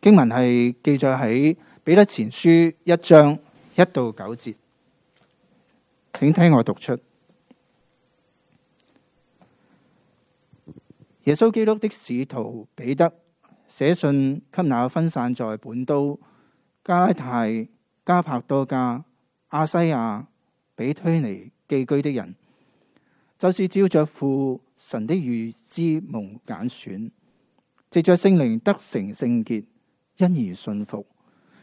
經文係記載喺《彼得前書》一章一到九節，請聽我讀出：耶穌基督的使徒彼得寫信給那分散在本都、加拉太、加帕多加、亞西亞、比推尼寄居的人，就是照着父神的預知、蒙揀選，藉着聖靈得成聖潔。因而信服，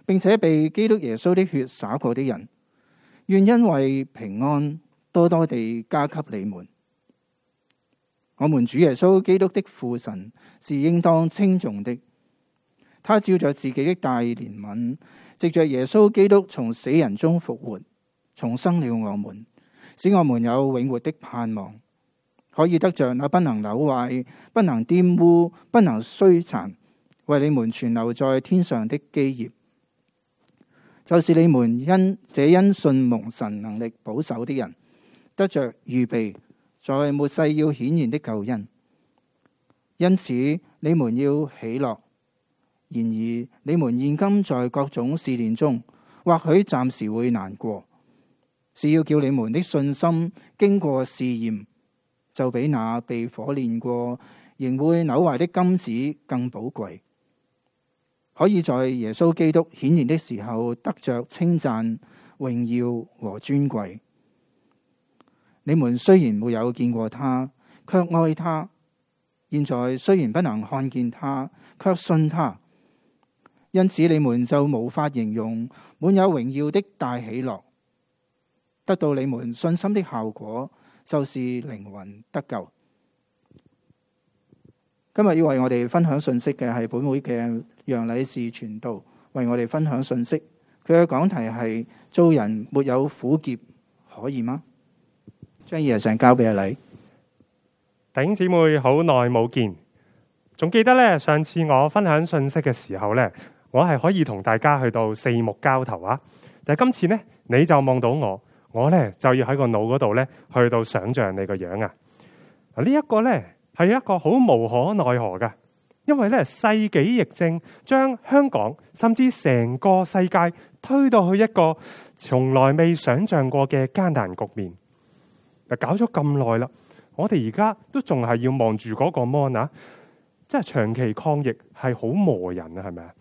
並且被基督耶穌的血灑過的人，願因為平安多多地加給你們。我們主耶穌基督的父神是應當稱頌的，他照着自己的大憐憫，藉着耶穌基督從死人中復活，重生了我們，使我們有永活的盼望，可以得着那不能朽壞、不能玷污、不能衰殘。為你們存留在天上的基業，就是你們因這因信蒙神能力保守的人，得着預備在末世要顯現的救恩。因此你們要喜樂。然而你們現今在各種試煉中，或許暫時會難過，是要叫你們的信心經過試驗，就比那被火煉過仍會扭壞的金子更寶貴。可以在耶穌基督顯現的時候得着稱讚、榮耀和尊貴。你們雖然沒有見過他，卻愛他；現在雖然不能看見他，卻信他。因此，你們就無法形容滿有榮耀的大喜樂。得到你們信心的效果，就是靈魂得救。今日要為我哋分享信息嘅係本會嘅楊禮士傳道，為我哋分享信息。佢嘅講題係：做人沒有苦澀可以嗎？將日想交俾你，頂姊妹，好耐冇見，仲記得咧？上次我分享信息嘅時候咧，我係可以同大家去到四目交投啊！但係今次呢，你就望到我，我咧就要喺個腦嗰度咧，去到想象你個樣啊！啊，呢一個咧。係一個好無可奈何㗎，因為咧世紀疫症將香港甚至成個世界推到去一個從來未想象過嘅艱難局面。嗱，搞咗咁耐啦，我哋而家都仲係要望住嗰個 mon 啊，即係長期抗疫係好磨人啊，係咪啊？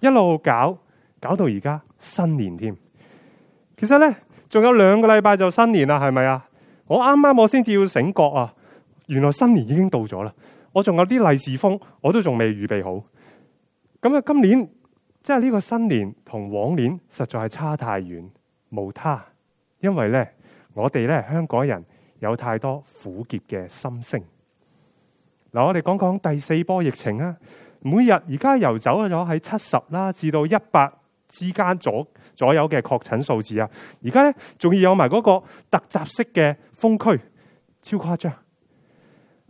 一路搞搞到而家新年添，其實咧仲有兩個禮拜就新年啦，係咪啊？我啱啱我先至要醒覺啊！原來新年已經到咗啦，我仲有啲利是封，我都仲未預備好。咁啊，今年即係呢個新年同往年實在係差太遠，無他，因為咧我哋咧香港人有太多苦澀嘅心聲。嗱，我哋講講第四波疫情啊，每日而家游走咗喺七十啦至到一百之間左左右嘅確診數字啊，而家咧仲要有埋嗰個突襲式嘅封區，超誇張。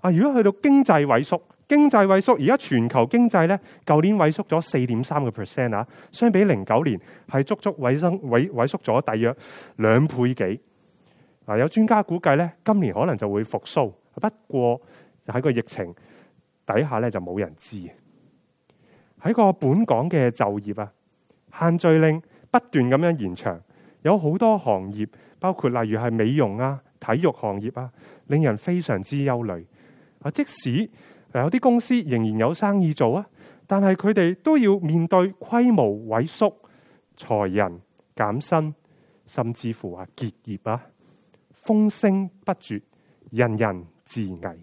啊！如果去到經濟萎縮，經濟萎縮而家全球經濟咧，舊年萎縮咗四點三個 percent 啊，相比零九年係足足萎生萎萎縮咗大約兩倍幾。嗱，有專家估計咧，今年可能就會復甦，不過喺個疫情底下咧，就冇人知。喺個本港嘅就業啊，限聚令不斷咁樣延長，有好多行業，包括例如係美容啊、體育行業啊，令人非常之憂慮。啊！即使有啲公司仍然有生意做啊，但係佢哋都要面對規模萎縮、裁人減薪，甚至乎啊結業啊，風聲不絕，人人自危。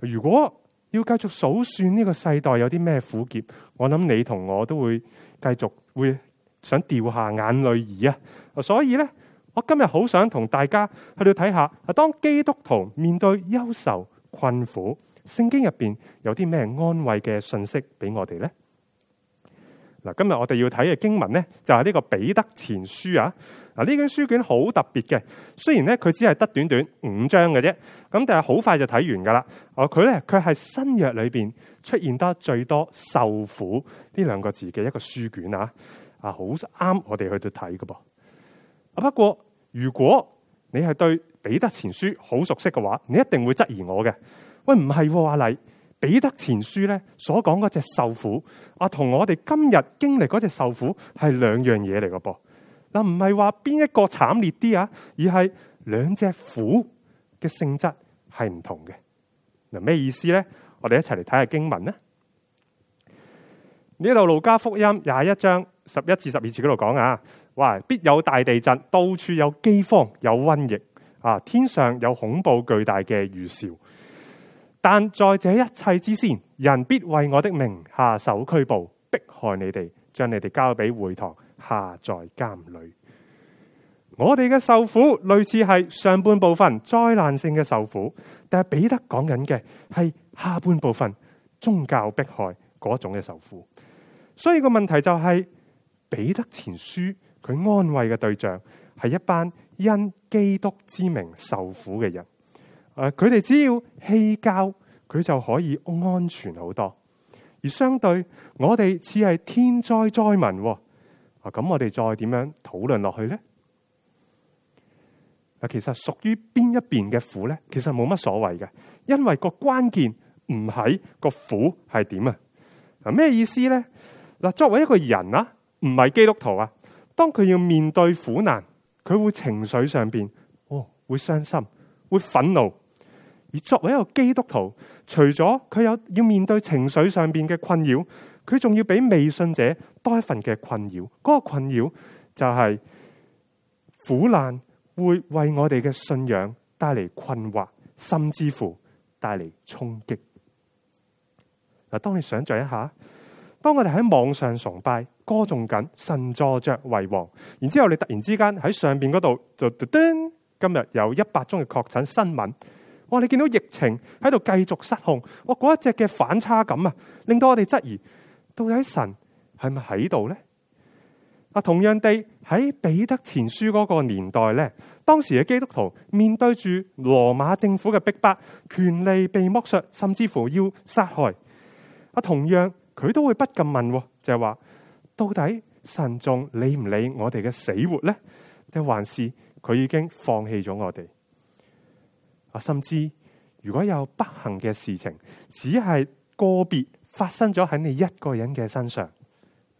如果要繼續數算呢個世代有啲咩苦澀，我諗你同我都會繼續會想掉下眼淚而啊，所以咧。我今日好想同大家去到睇下，啊，當基督徒面對憂愁、困苦，聖經入邊有啲咩安慰嘅信息俾我哋咧？嗱，今日我哋要睇嘅經文咧、這個，就係呢個彼得前書啊。嗱，呢卷書卷好特別嘅，雖然咧佢只係得短短五章嘅啫，咁但係好快就睇完噶啦。哦，佢咧佢係新約裏邊出現得最多受苦呢兩個字嘅一個書卷啊，啊，好啱我哋去到睇㗎噃。啊！不過如果你係對彼得前書好熟悉嘅話，你一定會質疑我嘅。喂，唔係喎，阿黎彼得前書咧所講嗰隻受苦，啊，同我哋今日經歷嗰隻受苦係兩樣嘢嚟嘅噃。嗱，唔係話邊一個慘烈啲啊，而係兩隻苦嘅性質係唔同嘅。嗱，咩意思咧？我哋一齊嚟睇下經文啦。呢度路加福音廿一章。十一至十二節嗰度講啊，哇！必有大地震，到處有飢荒，有瘟疫，啊，天上有恐怖巨大嘅預兆。但在這一切之先，人必為我的名下手拘捕，迫害你哋，將你哋交俾會堂，下在監裏。我哋嘅受苦類似係上半部分災難性嘅受苦，但係彼得講緊嘅係下半部分宗教迫害嗰種嘅受苦。所以個問題就係、是。彼得前書佢安慰嘅對象係一班因基督之名受苦嘅人，誒、啊，佢哋只要棄教，佢就可以安全好多。而相對我哋似係天災災民，啊，咁我哋再點樣討論落去呢？嗱、啊，其實屬於邊一邊嘅苦呢？其實冇乜所謂嘅，因為個關鍵唔喺個苦係點啊？啊，咩意思呢？嗱，作為一個人啊。唔係基督徒啊！當佢要面對苦難，佢會情緒上邊，哦，會傷心，會憤怒。而作為一個基督徒，除咗佢有要面對情緒上邊嘅困擾，佢仲要俾未信者多一份嘅困擾。嗰個困擾就係苦難會為我哋嘅信仰帶嚟困惑，甚至乎帶嚟衝擊。嗱，當你想象一下。當我哋喺網上崇拜，歌頌緊神助着為王，然之後你突然之間喺上邊嗰度就嘟，今日有一百宗嘅確診新聞，我哋見到疫情喺度繼續失控，我嗰一隻嘅反差感啊，令到我哋質疑，到底神係咪喺度呢？啊，同樣地喺彼得前書嗰個年代呢，當時嘅基督徒面對住羅馬政府嘅逼迫，權利被剝削，甚至乎要殺害。啊，同樣。佢都會不禁問，就係話到底神仲理唔理我哋嘅死活呢？定還是佢已經放棄咗我哋？我甚至如果有不幸嘅事情，只係個別發生咗喺你一個人嘅身上，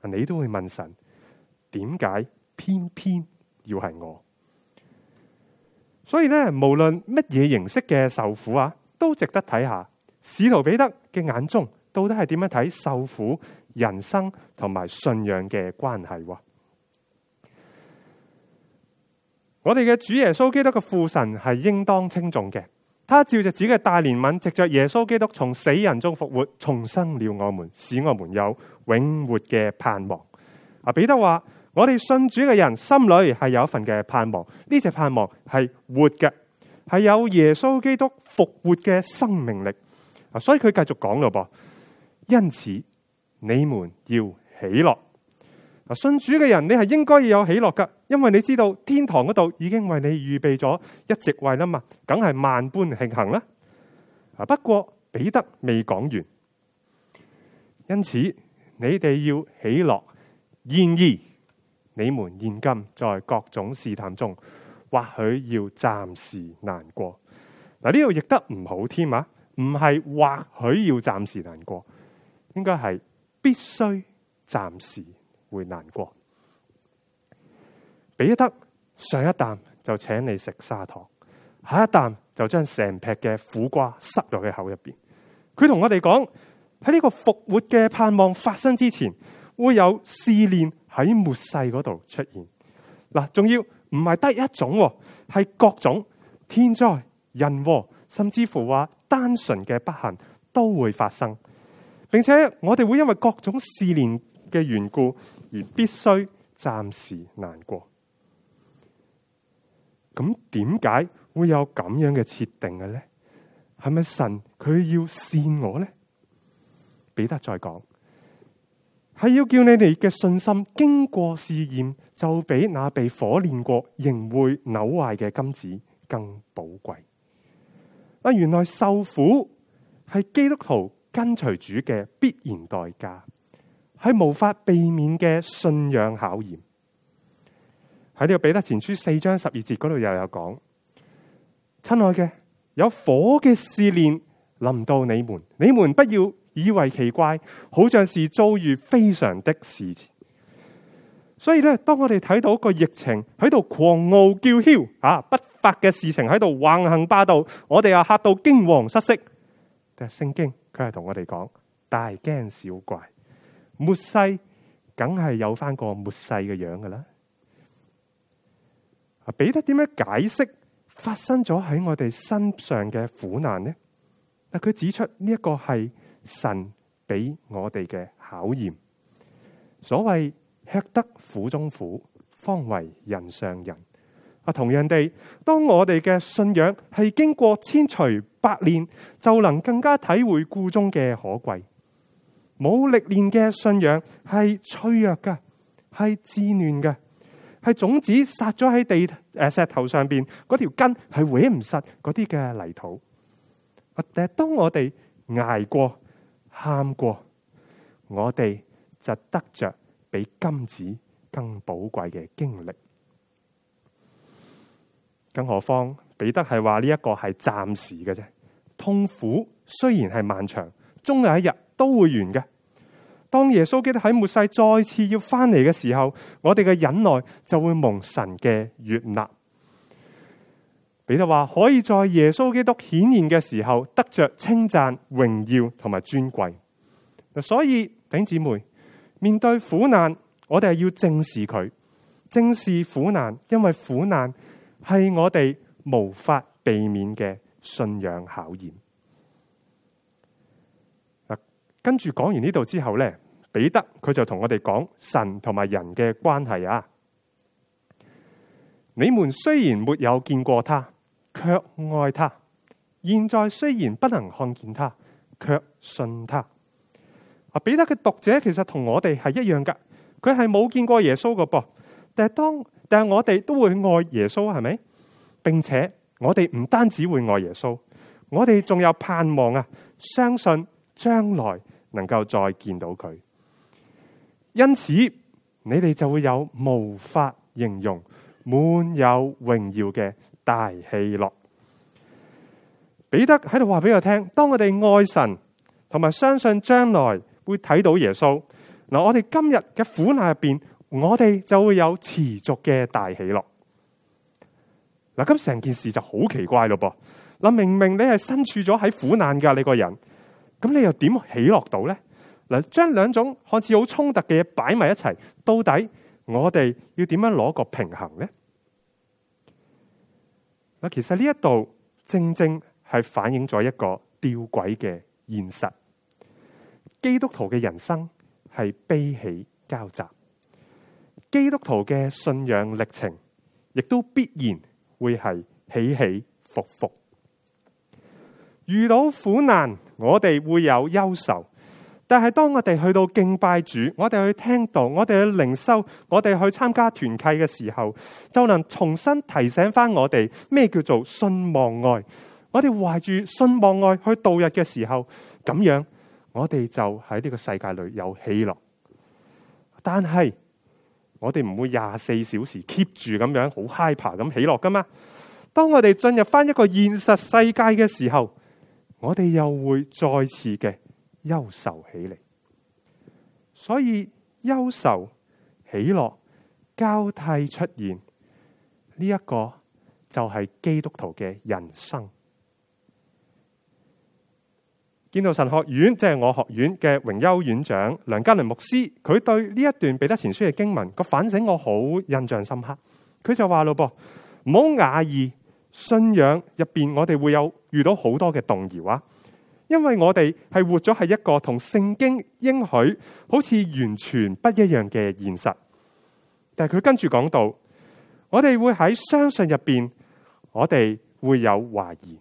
你都會問神：點解偏偏要係我？所以咧，無論乜嘢形式嘅受苦啊，都值得睇下。使徒彼得嘅眼中。到底係點樣睇受苦、人生同埋信仰嘅關係？我哋嘅主耶穌基督嘅父神係應當稱頌嘅。他照着自己嘅大憐憫，藉着耶穌基督從死人中復活，重生了我們，使我們有永活嘅盼望。啊，彼得話：我哋信主嘅人心裏係有一份嘅盼望，呢隻盼望係活嘅，係有耶穌基督復活嘅生命力。啊，所以佢繼續講咯噃。因此，你們要喜樂。信主嘅人，你係應該要有喜樂噶，因為你知道天堂嗰度已經為你預備咗一席位啦嘛，梗係萬般慶幸啦。不過彼得未講完，因此你哋要喜樂。然而，你們現今在各種試探中，或許要暫時難過。嗱，呢度譯得唔好添啊，唔係或許要暫時難過。應該係必須暫時會難過。彼得上一啖就請你食砂糖，下一啖就將成劈嘅苦瓜塞落佢口入邊。佢同我哋講，喺呢個復活嘅盼望發生之前，會有試煉喺末世嗰度出現。嗱，仲要唔係得一種，係各種天災人禍，甚至乎話單純嘅不幸都會發生。並且我哋會因為各種試煉嘅緣故而必須暫時難過。咁點解會有咁樣嘅設定嘅呢？係咪神佢要試我呢？彼得再講，係要叫你哋嘅信心經過試驗，就比那被火煉過仍會扭壞嘅金子更寶貴。啊，原來受苦係基督徒。跟隨主嘅必然代價，係無法避免嘅信仰考驗。喺呢個彼得前書四章十二節嗰度又有講：親愛嘅，有火嘅試煉臨到你們，你們不要以為奇怪，好像是遭遇非常的事情。所以咧，當我哋睇到個疫情喺度狂傲叫囂啊，不法嘅事情喺度橫行霸道，我哋又嚇到驚惶失色。但聖經。佢係同我哋講大驚小怪，末世梗係有翻個末世嘅樣㗎啦。彼得點樣解釋發生咗喺我哋身上嘅苦難呢？但佢指出呢一個係神俾我哋嘅考驗，所謂吃得苦中苦，方為人上人。啊，同樣地，當我哋嘅信仰係經過千錘百煉，就能更加體會故中嘅可貴。冇歷練嘅信仰係脆弱嘅，係自亂嘅，係種子撒咗喺地誒石頭上邊，嗰條根係毀唔實嗰啲嘅泥土。啊，但當我哋挨過、喊過，我哋就得着比金子更寶貴嘅經歷。更何況彼得係話呢一個係暫時嘅啫，痛苦雖然係漫長，終有一日都會完嘅。當耶穌基督喺末世再次要翻嚟嘅時候，我哋嘅忍耐就會蒙神嘅悅納。彼得話可以在耶穌基督顯現嘅時候得着稱讚、榮耀同埋尊貴。所以頂姊妹面對苦難，我哋係要正視佢，正視苦難，因為苦難。係我哋無法避免嘅信仰考驗。跟住講完呢度之後呢，彼得佢就同我哋講神同埋人嘅關係啊！你們雖然沒有見過他，卻愛他；現在雖然不能看見他，卻信他。啊，彼得嘅讀者其實同我哋係一樣噶，佢係冇見過耶穌噶噃，但係當。但係我哋都會愛耶穌，係咪？並且我哋唔單止會愛耶穌，我哋仲有盼望啊！相信將來能夠再見到佢。因此，你哋就會有無法形容、滿有榮耀嘅大喜樂。彼得喺度話俾我聽：當我哋愛神，同埋相信將來會睇到耶穌，嗱，我哋今日嘅苦難入邊，我哋就會有持續嘅大喜樂。嗱，咁成件事就好奇怪咯噃。嗱，明明你係身處咗喺苦難噶，你個人，咁你又點喜樂到呢？嗱，將兩種看似好衝突嘅嘢擺埋一齊，到底我哋要點樣攞個平衡呢？嗱，其實呢一度正正係反映咗一個弔詭嘅現實：基督徒嘅人生係悲喜交集。基督徒嘅信仰歷程，亦都必然會係起起伏伏。遇到苦難，我哋會有憂愁；但係當我哋去到敬拜主，我哋去聽道，我哋去靈修，我哋去參加團契嘅時候，就能重新提醒翻我哋咩叫做信望愛。我哋懷住信望愛去度日嘅時候，咁樣我哋就喺呢個世界裏有喜樂。但係。我哋唔會廿四小時 keep 住咁樣好 high 爬咁起落噶嘛？當我哋進入翻一個現實世界嘅時候，我哋又會再次嘅憂愁起嚟。所以憂愁、起落、交替出現，呢一個就係基督徒嘅人生。見到神學院即係、就是、我學院嘅榮休院長梁家麟牧師，佢對呢一段彼得前書嘅經文個反省，我好印象深刻。佢就話咯噃，唔好訝異，信仰入邊我哋會有遇到好多嘅動搖啊，因為我哋係活咗係一個同聖經應許好似完全不一樣嘅現實。但係佢跟住講到，我哋會喺相信入邊，我哋會有懷疑，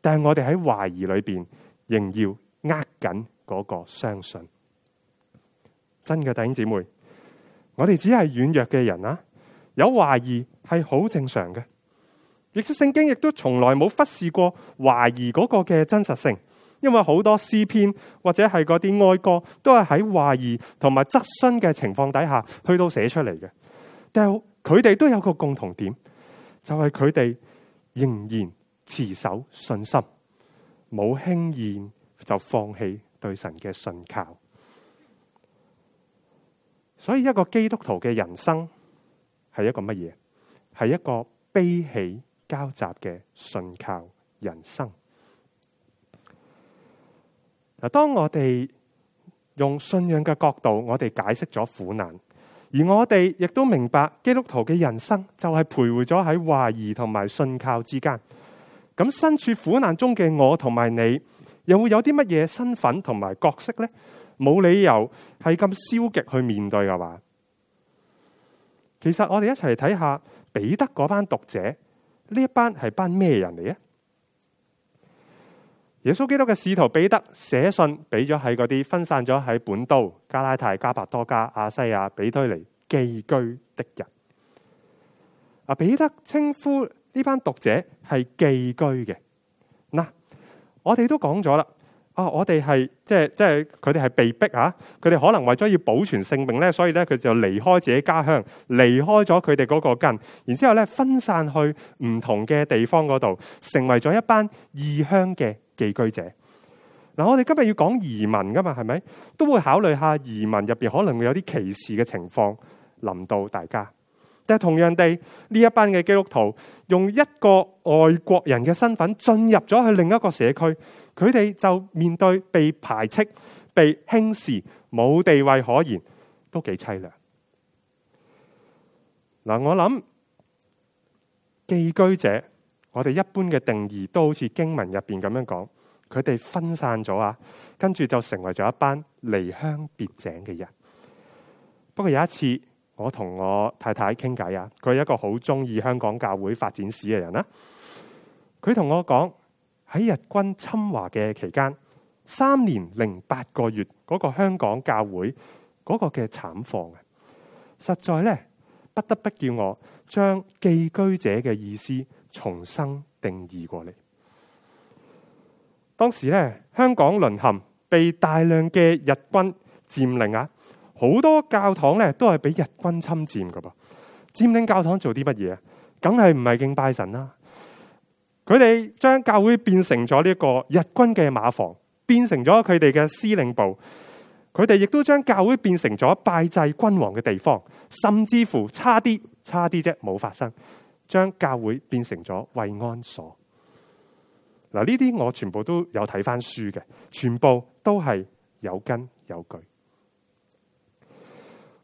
但係我哋喺懷疑裏邊。仍要握緊嗰個相信。真嘅弟兄姊妹，我哋只係軟弱嘅人啦，有懷疑係好正常嘅。亦即係聖經亦都從來冇忽視過懷疑嗰個嘅真實性，因為好多詩篇或者係嗰啲哀歌都係喺懷疑同埋質詢嘅情況底下去到寫出嚟嘅。但佢哋都有個共同點，就係佢哋仍然持守信心。冇輕易就放棄對神嘅信靠，所以一個基督徒嘅人生係一個乜嘢？係一個悲喜交集嘅信靠人生。嗱，當我哋用信仰嘅角度，我哋解釋咗苦難，而我哋亦都明白基督徒嘅人生就係徘徊咗喺懷疑同埋信靠之間。咁身處苦難中嘅我同埋你，又會有啲乜嘢身份同埋角色呢？冇理由係咁消極去面對噶嘛？其實我哋一齊嚟睇下彼得嗰班讀者，呢一班係班咩人嚟啊？耶穌基督嘅使徒彼得寫信俾咗喺嗰啲分散咗喺本都、加拉太、加伯多加、亞西亞、比推尼寄居的人。啊，彼得稱呼。呢班讀者係寄居嘅嗱，我哋都講咗啦。啊，我哋係、啊、即係即係，佢哋係被逼啊！佢哋可能為咗要保存性命咧，所以咧佢就離開自己家鄉，離開咗佢哋嗰個根，然之後咧分散去唔同嘅地方嗰度，成為咗一班異鄉嘅寄居者。嗱、啊，我哋今日要講移民噶嘛，係咪都會考慮下移民入邊可能會有啲歧視嘅情況臨到大家。但係同樣地，呢一班嘅基督徒用一個外國人嘅身份進入咗去另一個社區，佢哋就面對被排斥、被輕視、冇地位可言，都幾淒涼。嗱，我諗寄居者，我哋一般嘅定義都好似經文入邊咁樣講，佢哋分散咗啊，跟住就成為咗一班離鄉別井嘅人。不過有一次。我同我太太傾偈啊，佢係一個好中意香港教會發展史嘅人啦，啊。佢同我講喺日軍侵華嘅期間，三年零八個月嗰個香港教會嗰個嘅慘況啊，實在呢，不得不叫我將寄居者嘅意思重新定義過嚟。當時呢，香港淪陷，被大量嘅日軍佔領啊。好多教堂咧都係俾日軍侵佔噶噃，佔領教堂做啲乜嘢？梗係唔係敬拜神啦！佢哋將教會變成咗呢個日軍嘅馬房，變成咗佢哋嘅司令部。佢哋亦都將教會變成咗拜祭君王嘅地方，甚至乎差啲，差啲啫，冇發生，將教會變成咗慰安所。嗱，呢啲我全部都有睇翻書嘅，全部都係有根有據。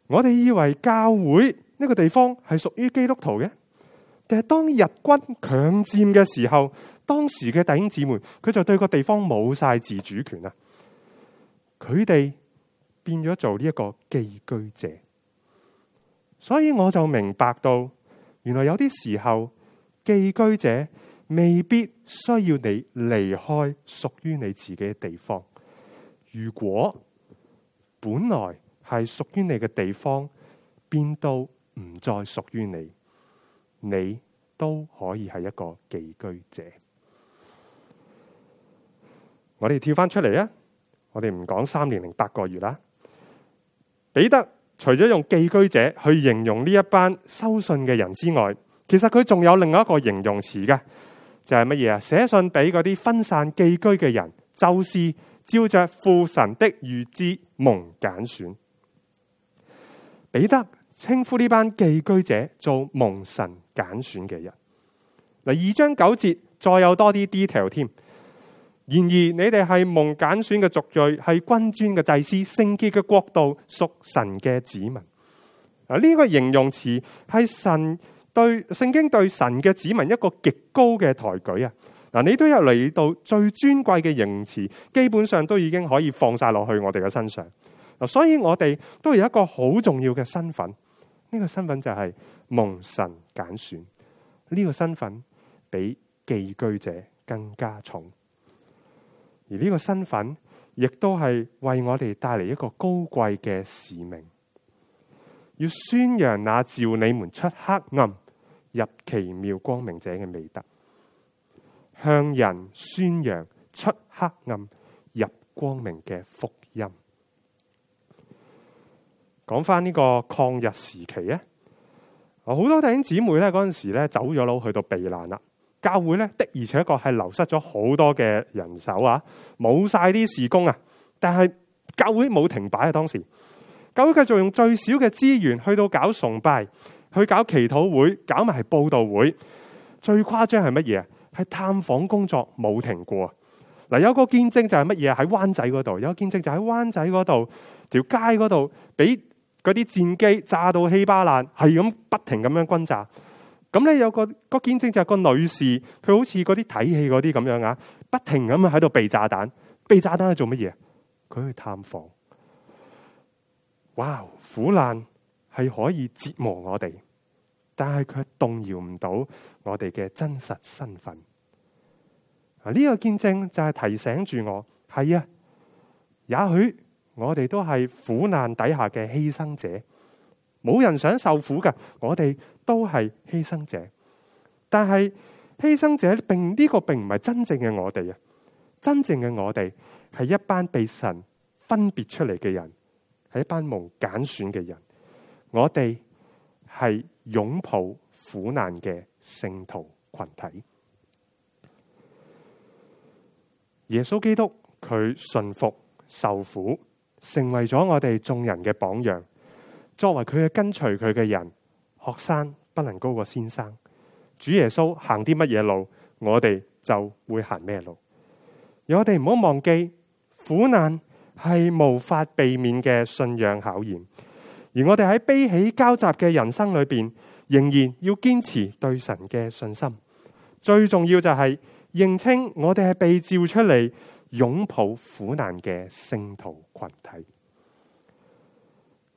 我哋以為教會呢個地方係屬於基督徒嘅，但係當日軍強占嘅時候，當時嘅弟兄姊妹佢就對個地方冇晒自主權啦，佢哋變咗做呢一個寄居者。所以我就明白到，原來有啲時候寄居者未必需要你離開屬於你自己嘅地方。如果本來。係屬於你嘅地方，邊度唔再屬於你，你都可以係一個寄居者。我哋跳翻出嚟啊！我哋唔講三年零八個月啦。彼得除咗用寄居者去形容呢一班收信嘅人之外，其實佢仲有另外一個形容詞嘅，就係乜嘢啊？寫信俾嗰啲分散寄居嘅人，就是照着父神的預知蒙揀選。彼得稱呼呢班寄居者做蒙神揀選嘅人。嗱，二章九節再有多啲 detail 添。然而，你哋係蒙揀選嘅族裔，係君尊嘅祭司，聖潔嘅國度，屬神嘅子民。嗱，呢個形容詞係神對聖經對神嘅子民一個極高嘅抬舉啊！嗱，你都有嚟到最尊貴嘅形容詞，基本上都已經可以放晒落去我哋嘅身上。所以我哋都有一個好重要嘅身份，呢個身份就係蒙神揀選，呢個身份比寄居者更加重，而呢個身份亦都係為我哋帶嚟一個高貴嘅使命，要宣揚那召你們出黑暗入奇妙光明者嘅美德，向人宣揚出黑暗入光明嘅福。講翻呢個抗日時期啊，好多弟兄姊妹咧嗰陣時咧走咗佬去到避難啦，教會咧的而且確係流失咗好多嘅人手啊，冇晒啲事工啊，但係教會冇停擺啊，當時教會繼續用最少嘅資源去到搞崇拜、去搞祈禱會、搞埋報道會，最誇張係乜嘢係？係探訪工作冇停過。嗱，有個見證就係乜嘢？喺灣仔嗰度有個見證，就喺灣仔嗰度條街嗰度俾。嗰啲戰機炸到稀巴爛，係咁不停咁樣轟炸。咁咧有個、嗰個見證就係個女士，佢好似嗰啲睇戲嗰啲咁樣啊，不停咁樣喺度避炸彈。避炸彈係做乜嘢？佢去探訪。哇，苦難係可以折磨我哋，但係佢動搖唔到我哋嘅真實身份。啊，呢個見證就係提醒住我，係啊，也許。我哋都係苦難底下嘅犧牲者，冇人想受苦㗎。我哋都係犧牲者，但係犧牲者並呢、這個並唔係真正嘅我哋啊！真正嘅我哋係一班被神分別出嚟嘅人，係一班蒙揀選嘅人。我哋係擁抱苦難嘅聖徒群體。耶穌基督佢順服受苦，成為咗我哋眾人嘅榜樣，作為佢嘅跟隨佢嘅人，學生不能高過先生。主耶穌行啲乜嘢路，我哋就會行咩路。而我哋唔好忘記，苦難係無法避免嘅信仰考驗。而我哋喺悲喜交集嘅人生裏邊，仍然要堅持對神嘅信心。最重要就係認清我哋係被召出嚟，擁抱苦難嘅聖徒群體，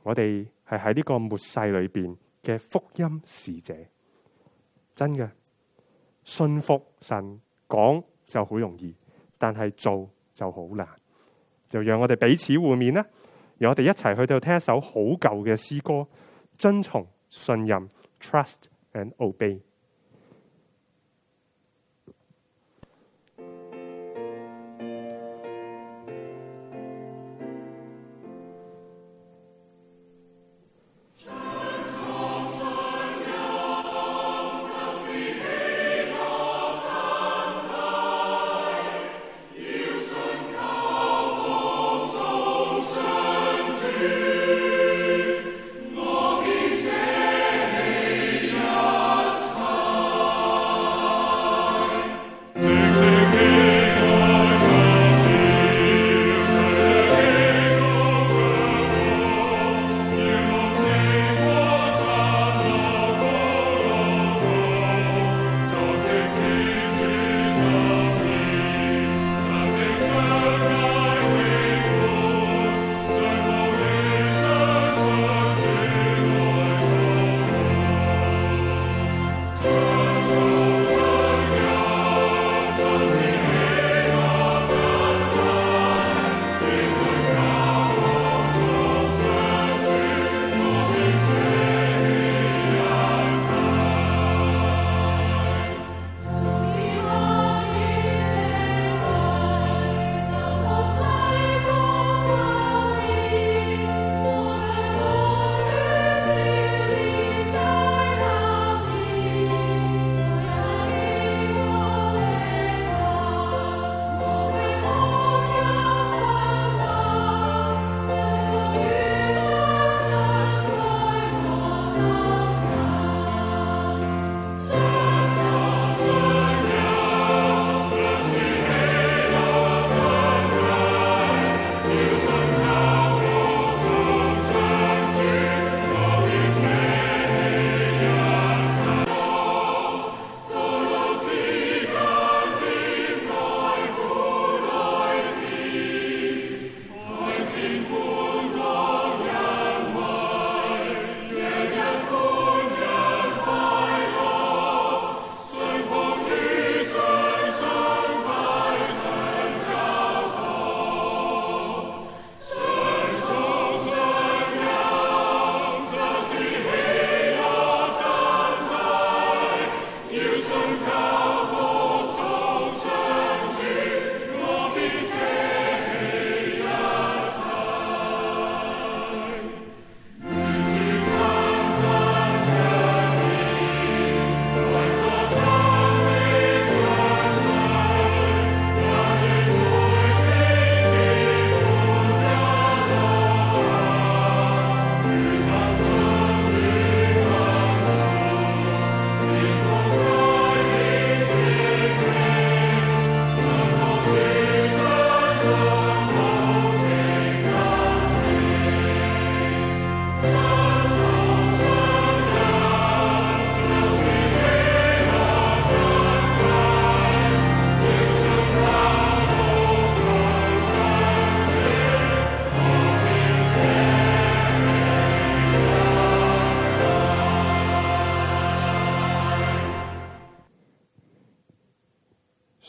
我哋係喺呢個末世裏邊嘅福音使者，真嘅信服神講就好容易，但係做就好難。就讓我哋彼此互勉啦，讓我哋一齊去到聽一首好舊嘅詩歌，遵從信任 trust and obey。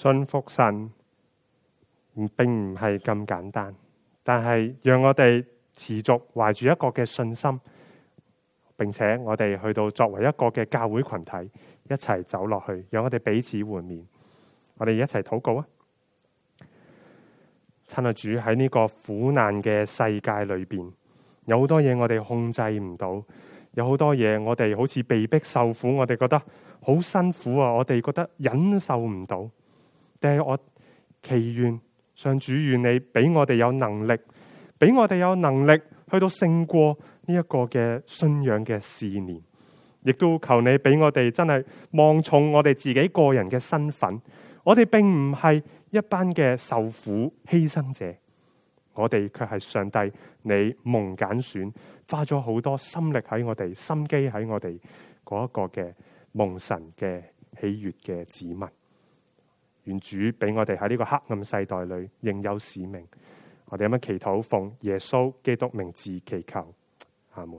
信服神並唔係咁簡單，但係讓我哋持續懷住一個嘅信心，並且我哋去到作為一個嘅教會群體一齊走落去，讓我哋彼此會面，我哋一齊禱告啊。親愛的主，喺呢個苦難嘅世界裏邊，有好多嘢我哋控制唔到，有很多我們好多嘢我哋好似被逼受苦，我哋覺得好辛苦啊，我哋覺得忍受唔到。我祈願，上主願你俾我哋有能力，俾我哋有能力去到勝過呢一個嘅信仰嘅試煉，亦都求你俾我哋真係望重我哋自己個人嘅身份，我哋並唔係一班嘅受苦犧牲者，我哋卻係上帝你蒙揀選，花咗好多心力喺我哋，心機喺我哋嗰一個嘅蒙神嘅喜悅嘅子民。願主俾我哋喺呢個黑暗世代裏應有使命，我哋有乜祈禱奉耶穌基督名字祈求，阿門。